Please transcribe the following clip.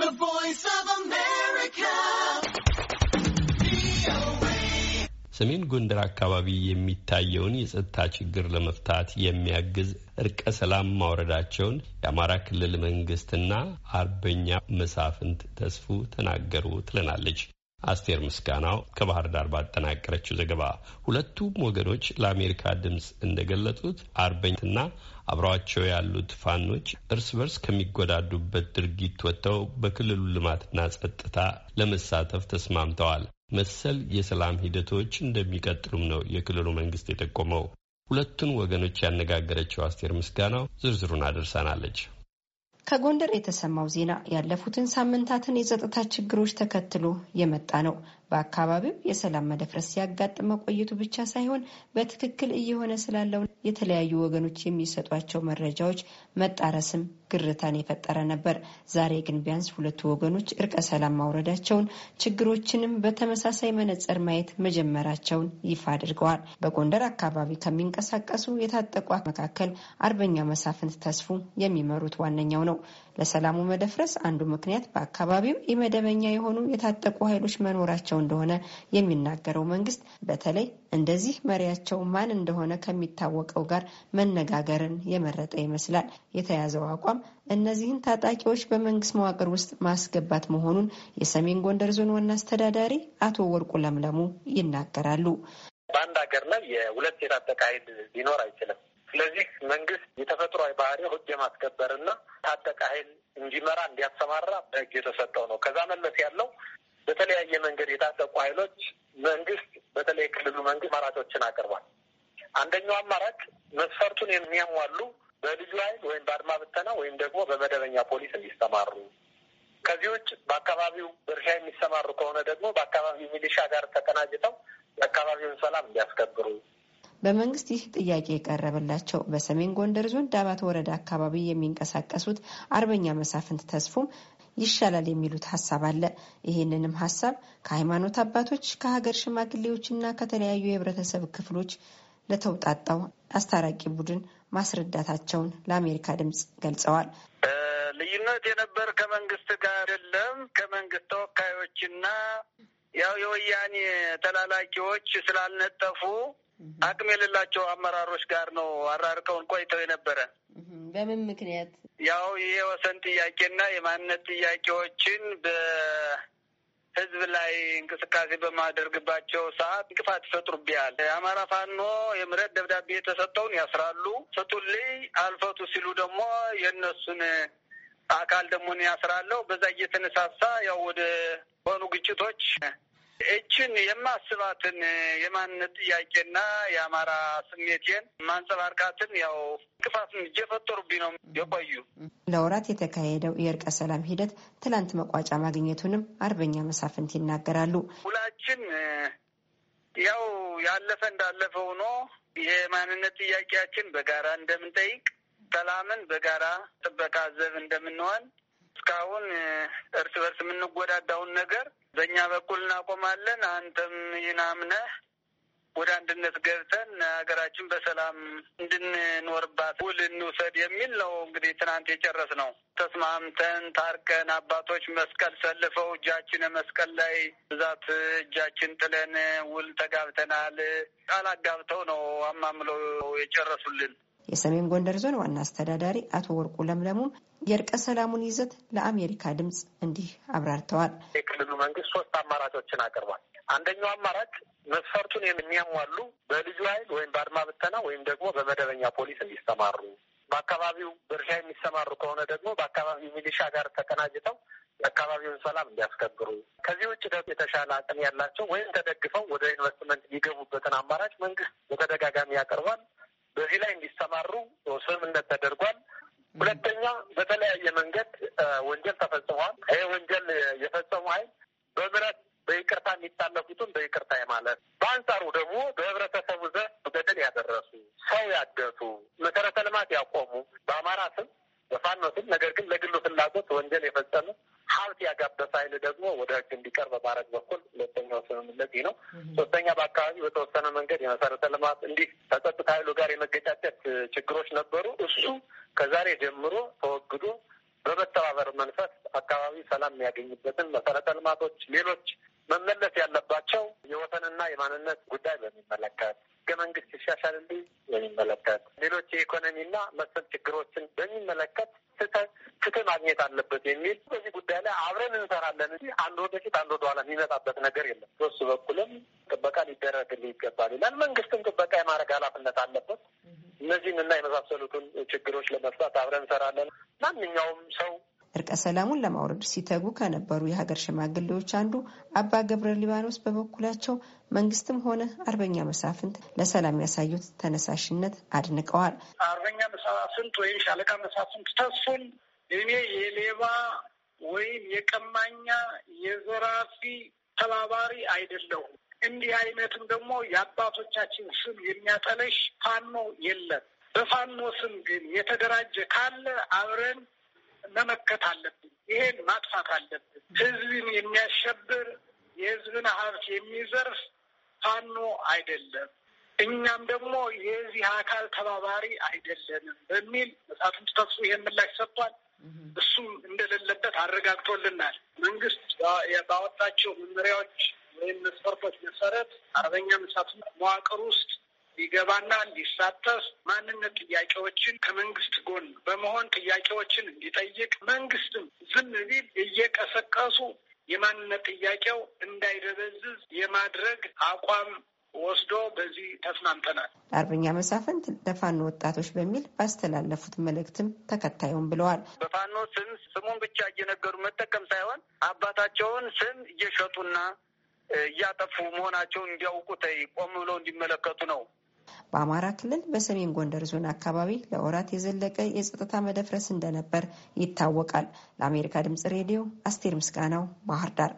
The Voice of America. ሰሜን ጎንደር አካባቢ የሚታየውን የጸጥታ ችግር ለመፍታት የሚያግዝ እርቀ ሰላም ማውረዳቸውን የአማራ ክልል መንግስትና አርበኛ መሳፍንት ተስፉ ተናገሩ ትለናለች አስቴር ምስጋናው ከባህር ዳር ባጠናቀረችው ዘገባ ሁለቱም ወገኖች ለአሜሪካ ድምፅ እንደገለጡት አርበኝትና አብረዋቸው ያሉት ፋኖች እርስ በርስ ከሚጎዳዱበት ድርጊት ወጥተው በክልሉ ልማትና ጸጥታ ለመሳተፍ ተስማምተዋል። መሰል የሰላም ሂደቶች እንደሚቀጥሉም ነው የክልሉ መንግስት የጠቆመው። ሁለቱን ወገኖች ያነጋገረችው አስቴር ምስጋናው ዝርዝሩን አድርሳናለች። ከጎንደር የተሰማው ዜና ያለፉትን ሳምንታትን የጸጥታ ችግሮች ተከትሎ የመጣ ነው። በአካባቢው የሰላም መደፍረስ ሲያጋጥም መቆየቱ ብቻ ሳይሆን በትክክል እየሆነ ስላለው የተለያዩ ወገኖች የሚሰጧቸው መረጃዎች መጣረስም ግርታን የፈጠረ ነበር። ዛሬ ግን ቢያንስ ሁለቱ ወገኖች እርቀ ሰላም ማውረዳቸውን፣ ችግሮችንም በተመሳሳይ መነጽር ማየት መጀመራቸውን ይፋ አድርገዋል። በጎንደር አካባቢ ከሚንቀሳቀሱ የታጠቁ መካከል አርበኛ መሳፍንት ተስፉ የሚመሩት ዋነኛው ነው። ለሰላሙ መደፍረስ አንዱ ምክንያት በአካባቢው የመደበኛ የሆኑ የታጠቁ ኃይሎች መኖራቸው እንደሆነ የሚናገረው መንግስት በተለይ እንደዚህ መሪያቸው ማን እንደሆነ ከሚታወቀው ጋር መነጋገርን የመረጠ ይመስላል። የተያዘው አቋም እነዚህን ታጣቂዎች በመንግስት መዋቅር ውስጥ ማስገባት መሆኑን የሰሜን ጎንደር ዞን ዋና አስተዳዳሪ አቶ ወርቁ ለምለሙ ይናገራሉ። በአንድ ሀገር ላይ የሁለት የታጠቀ ኃይል ሊኖር አይችልም። ስለዚህ መንግስት የተፈጥሯዊ ባህሪ ህግ የማስከበርና ታጠቀ ኃይል እንዲመራ እንዲያሰማራ በህግ የተሰጠው ነው። ከዛ መለስ ያለው በተለያየ መንገድ የታጠቁ ኃይሎች መንግስት በተለይ ክልሉ መንግስት አማራጮችን አቅርቧል። አንደኛው አማራጭ መስፈርቱን የሚያሟሉ በልዩ ኃይል ወይም በአድማ ብተና ወይም ደግሞ በመደበኛ ፖሊስ እንዲሰማሩ፣ ከዚህ ውጭ በአካባቢው በእርሻ የሚሰማሩ ከሆነ ደግሞ በአካባቢው ሚሊሻ ጋር ተቀናጅተው የአካባቢውን ሰላም እንዲያስከብሩ በመንግስት ይህ ጥያቄ የቀረበላቸው በሰሜን ጎንደር ዞን ዳባት ወረዳ አካባቢ የሚንቀሳቀሱት አርበኛ መሳፍንት ተስፉም ይሻላል የሚሉት ሀሳብ አለ። ይህንንም ሀሳብ ከሃይማኖት አባቶች፣ ከሀገር ሽማግሌዎች እና ከተለያዩ የህብረተሰብ ክፍሎች ለተውጣጣው አስታራቂ ቡድን ማስረዳታቸውን ለአሜሪካ ድምጽ ገልጸዋል። ልዩነት የነበር ከመንግስት ጋር አይደለም ከመንግስት ተወካዮችና ያው የወያኔ ተላላኪዎች ስላልነጠፉ አቅም የሌላቸው አመራሮች ጋር ነው አራርቀውን ቆይተው የነበረ። በምን ምክንያት? ያው ይሄ የወሰን ጥያቄና የማንነት ጥያቄዎችን በህዝብ ላይ እንቅስቃሴ በማደርግባቸው ሰዓት እንቅፋት ይፈጥሩብያል። የአማራ ፋኖ የምረት ደብዳቤ የተሰጠውን ያስራሉ። ፍቱልኝ አልፈቱ ሲሉ ደግሞ የእነሱን አካል ደግሞ ያስራለው በዛ እየተነሳሳ ያው ወደ ሆኑ ግጭቶች እችን የማስባትን የማንነት ጥያቄና የአማራ ስሜቴን ማንጸባርቃትን ያው እንቅፋት እየፈጠሩብኝ ነው የቆዩ። ለወራት የተካሄደው የእርቀ ሰላም ሂደት ትላንት መቋጫ ማግኘቱንም አርበኛ መሳፍንት ይናገራሉ። ሁላችን ያው ያለፈ እንዳለፈ ሆኖ የማንነት ጥያቄያችን በጋራ እንደምንጠይቅ ሰላምን በጋራ ጥበቃ ዘብ እንደምንሆን እስካሁን እርስ በርስ የምንጎዳዳውን ነገር በእኛ በኩል እናቆማለን። አንተም ይህን አምነህ ወደ አንድነት ገብተን ሀገራችን በሰላም እንድንኖርባት ውል እንውሰድ የሚል ነው። እንግዲህ ትናንት የጨረስ ነው። ተስማምተን ታርቀን አባቶች መስቀል ሰልፈው እጃችን መስቀል ላይ ብዛት እጃችን ጥለን ውል ተጋብተናል። ቃል አጋብተው ነው አማምለው የጨረሱልን። የሰሜን ጎንደር ዞን ዋና አስተዳዳሪ አቶ ወርቁ ለምለሙም የእርቀ ሰላሙን ይዘት ለአሜሪካ ድምፅ እንዲህ አብራርተዋል። የክልሉ መንግስት ሶስት አማራጮችን አቅርቧል። አንደኛው አማራጭ መስፈርቱን የሚያሟሉ በልዩ ኃይል ወይም በአድማ ብተና ወይም ደግሞ በመደበኛ ፖሊስ እንዲሰማሩ፣ በአካባቢው በእርሻ የሚሰማሩ ከሆነ ደግሞ በአካባቢው ሚሊሻ ጋር ተቀናጅተው የአካባቢውን ሰላም እንዲያስከብሩ፣ ከዚህ ውጭ ደግሞ የተሻለ አቅም ያላቸው ወይም ተደግፈው ወደ ኢንቨስትመንት የሚገቡበትን አማራጭ መንግስት በተደጋጋሚ ያቀርቧል። በዚህ ላይ እንዲሰማሩ ስምምነት ተደርጓል። ሁለተኛ በተለያየ መንገድ ወንጀል ተፈጽሟል። ይህ ወንጀል የፈጸሙ ኃይል በምረት በይቅርታ የሚታለፉትን በይቅርታ የማለት በአንጻሩ ደግሞ በህብረተሰቡ ዘር ገደል ያደረሱ ሰው ያደሱ መሰረተ ልማት ያቆሙ በአማራ ስም በፋኖ ስም ነገር ግን ለግሉ ፍላጎት ወንጀል የፈጸመ ሀብት ያጋበሰ ኃይል ደግሞ ወደ ህግ እንዲቀርብ በማድረግ በኩል ማለት ነው። ሶስተኛ በአካባቢ በተወሰነ መንገድ የመሰረተ ልማት እንዲህ ከጸጥታ ኃይሉ ጋር የመገጫጨት ችግሮች ነበሩ። እሱ ከዛሬ ጀምሮ ተወግዶ በመተባበር መንፈስ አካባቢ ሰላም የሚያገኝበትን መሰረተ ልማቶች ሌሎች መመለስ ያለባቸው የወሰንና የማንነት ጉዳይ በሚመለከት ህገ መንግስት ይሻሻልልኝ የሚመለከት ሌሎች የኢኮኖሚና መሰል ችግሮችን በሚመለከት ፍትህ ማግኘት አለበት የሚል በዚህ ጉዳይ ላይ አብረን እንሰራለን እንጂ አንድ ወደፊት አንድ ወደ ኋላ የሚመጣበት ነገር የለም። በሱ በኩልም ጥበቃ ሊደረግልኝ ይገባል ይላል። መንግስትም ጥበቃ የማድረግ ኃላፊነት አለበት። እነዚህን እና የመሳሰሉትን ችግሮች ለመፍታት አብረን እንሰራለን። ማንኛውም ሰው እርቀ ሰላሙን ለማውረድ ሲተጉ ከነበሩ የሀገር ሽማግሌዎች አንዱ አባ ገብረ ሊባኖስ በበኩላቸው መንግስትም ሆነ አርበኛ መሳፍንት ለሰላም ያሳዩት ተነሳሽነት አድንቀዋል። አርበኛ መሳፍንት ወይም ሻለቃ መሳፍንት ተስፉን እኔ የሌባ ወይም የቀማኛ የዘራፊ ተባባሪ አይደለሁም። እንዲህ አይነትም ደግሞ የአባቶቻችን ስም የሚያጠለሽ ፋኖ የለም። በፋኖ ስም ግን የተደራጀ ካለ አብረን መመከት አለብን። ይሄን ማጥፋት አለብን። ህዝብን የሚያሸብር የህዝብን ሀብት የሚዘርፍ ፋኖ አይደለም፣ እኛም ደግሞ የዚህ አካል ተባባሪ አይደለንም በሚል መጽሐፍም ተጠቅሱ ይሄን ምላሽ ሰጥቷል። እሱም እንደሌለበት አረጋግቶልናል መንግስት ባወጣቸው መመሪያዎች ወይም መስፈርቶች መሰረት አርበኛ መሳፍንት መዋቅር ውስጥ እንዲገባና እንዲሳተፍ ማንነት ጥያቄዎችን ከመንግስት ጎን በመሆን ጥያቄዎችን እንዲጠይቅ መንግስትም ዝም ቢል እየቀሰቀሱ የማንነት ጥያቄው እንዳይደበዝዝ የማድረግ አቋም ወስዶ በዚህ ተስማምተናል። አርበኛ መሳፍንት ለፋኖ ወጣቶች በሚል ባስተላለፉት መልእክትም ተከታዩም ብለዋል። በፋኖ ስም ስሙን ብቻ እየነገሩ መጠቀም ሳይሆን አባታቸውን ስም እየሸጡና እያጠፉ መሆናቸውን እንዲያውቁ ተይ ቆም ብለው እንዲመለከቱ ነው በአማራ ክልል በሰሜን ጎንደር ዞን አካባቢ ለወራት የዘለቀ የጸጥታ መደፍረስ እንደነበር ይታወቃል። ለአሜሪካ ድምጽ ሬዲዮ አስቴር ምስጋናው ባህር ዳር